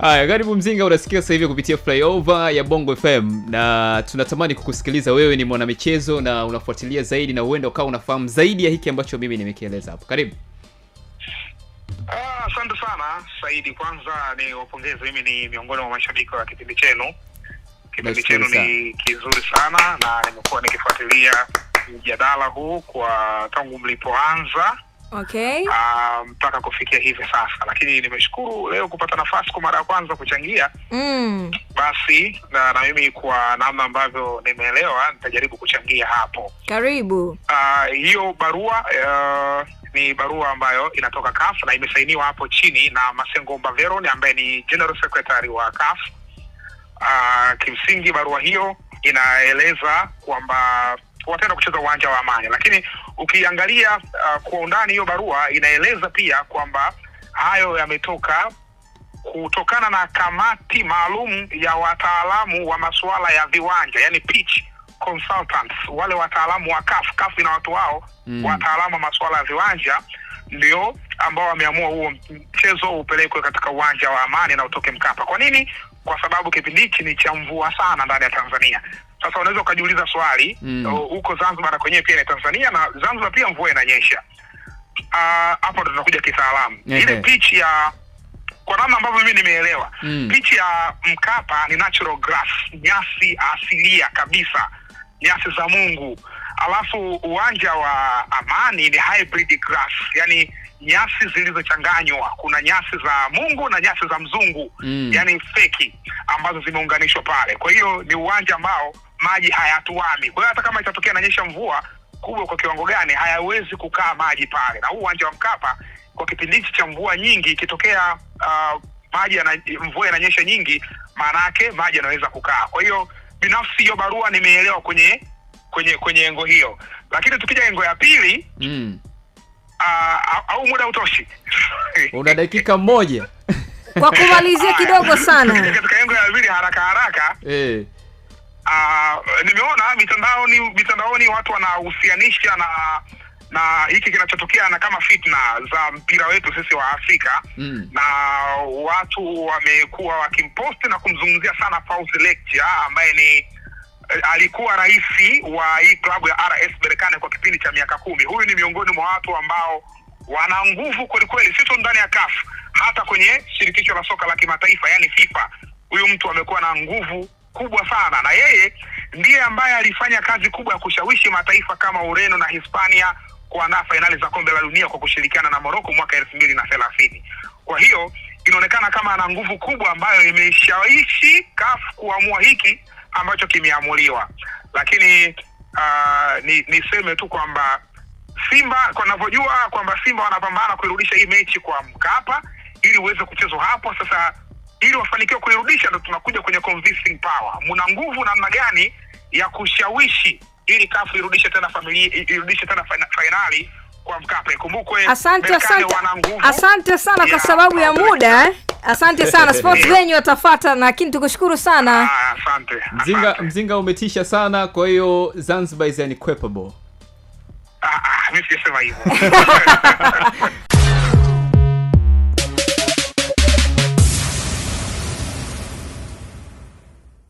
Haya, karibu Mzinga, unasikia sasa hivi kupitia Flyover ya Bongo FM, na tunatamani kukusikiliza wewe. Ni mwanamichezo na unafuatilia zaidi, na huenda ukawa unafahamu zaidi ya hiki ambacho mimi nimekieleza hapo. Karibu. Ah, asante sana Saidi. Kwanza ni wapongeze, mimi ni miongoni mwa mashabiki wa kipindi chenu. Kipindi chenu ni kizuri sana, na nimekuwa nikifuatilia mjadala huu kwa tangu mlipoanza okay. Uh, mpaka kufikia hivi sasa, lakini nimeshukuru leo kupata nafasi kwa mara ya kwanza kuchangia mm. Basi na, na mimi kwa namna ambavyo nimeelewa nitajaribu kuchangia hapo. Karibu. Uh, hiyo barua uh, ni barua ambayo inatoka CAF na imesainiwa hapo chini na Masengomba Veron ambaye ni General Secretary wa CAF. Uh, kimsingi barua hiyo inaeleza kwamba wataenda kucheza uwanja wa Amani. Lakini ukiangalia uh, kwa undani hiyo barua inaeleza pia kwamba hayo yametoka kutokana na kamati maalum ya wataalamu wa masuala ya viwanja, yani pitch consultants, wale wataalamu wa CAF. CAF ina watu wao mm. wataalamu wa masuala ya viwanja ndio ambao wameamua huo mchezo upelekwe katika uwanja wa Amani na utoke Mkapa. Kwa nini? Kwa sababu kipindi hichi ni cha mvua sana ndani ya Tanzania. Sasa unaweza ukajiuliza swali mm. Uh, huko Zanzibar na kwenyewe pia ni Tanzania na Zanzibar pia mvua inanyesha. Ah, hapo uh, tutakuja kisalamu okay. ile pitch ya kwa namna ambavyo mimi nimeelewa mm. pitch ya Mkapa ni natural grass, nyasi asilia kabisa, nyasi za Mungu. Alafu uwanja wa Amani ni hybrid grass, yani nyasi zilizochanganywa. Kuna nyasi za Mungu na nyasi za mzungu mm. yani feki ambazo zimeunganishwa pale. Kwa hiyo ni uwanja ambao maji hayatuami. Kwa hiyo hata kama itatokea nanyesha mvua kubwa kwa kiwango gani, hayawezi kukaa maji pale, na huu uwanja wa Mkapa kwa kipindi hichi cha mvua nyingi ikitokea uh, maji na, mvua inanyesha nyingi, maana yake maji yanaweza kukaa. Kwa hiyo binafsi hiyo barua nimeelewa kwenye kwenye kwenye engo hiyo, lakini tukija engo ya pili mm. Uh, au muda utoshi? una dakika moja kwa kumalizia kidogo sana katika engo ya pili haraka haraka eh. Uh, nimeona mitandaoni mitandaoni watu wanahusianisha na na hiki kinachotokea na kama fitna za mpira wetu sisi wa Afrika mm. na watu wamekuwa wakimposti na kumzungumzia sana Fauzi ambaye ni eh, alikuwa rais wa hii klabu ya RS Berkane kwa kipindi cha miaka kumi. Huyu ni miongoni mwa watu ambao wana nguvu kwelikweli, si tu ndani ya kafu hata kwenye shirikisho la soka la kimataifa, yani FIFA. Huyu mtu amekuwa na nguvu kubwa sana, na yeye ndiye ambaye alifanya kazi kubwa ya kushawishi mataifa kama Ureno na Hispania kuandaa fainali za kombe la dunia kwa kushirikiana na Moroko mwaka elfu mbili na thelathini. Kwa hiyo inaonekana kama ana nguvu kubwa ambayo imeshawishi CAF kuamua hiki ambacho kimeamuliwa, lakini uh, ni niseme tu kwamba Simba kwa kwamba Simba wanapambana kuirudisha hii mechi kwa Mkapa ili uweze kuchezwa hapo sasa ili wafanikiwe kuirudisha, ndo tunakuja kwenye convincing power. Mna nguvu namna gani ya kushawishi ili kafu irudishe tena familia, irudishe tena fainali kwa Mkapa. Ikumbukwe, asante asante, asante sana yeah, kwa sababu ya muda eh. Asante sana sports venue watafata, lakini tukushukuru sana ah, asante, asante. Mzinga, mzinga umetisha sana, kwa hiyo Zanzibar is unquenchable. Ah, ah, mimi sijasema hivyo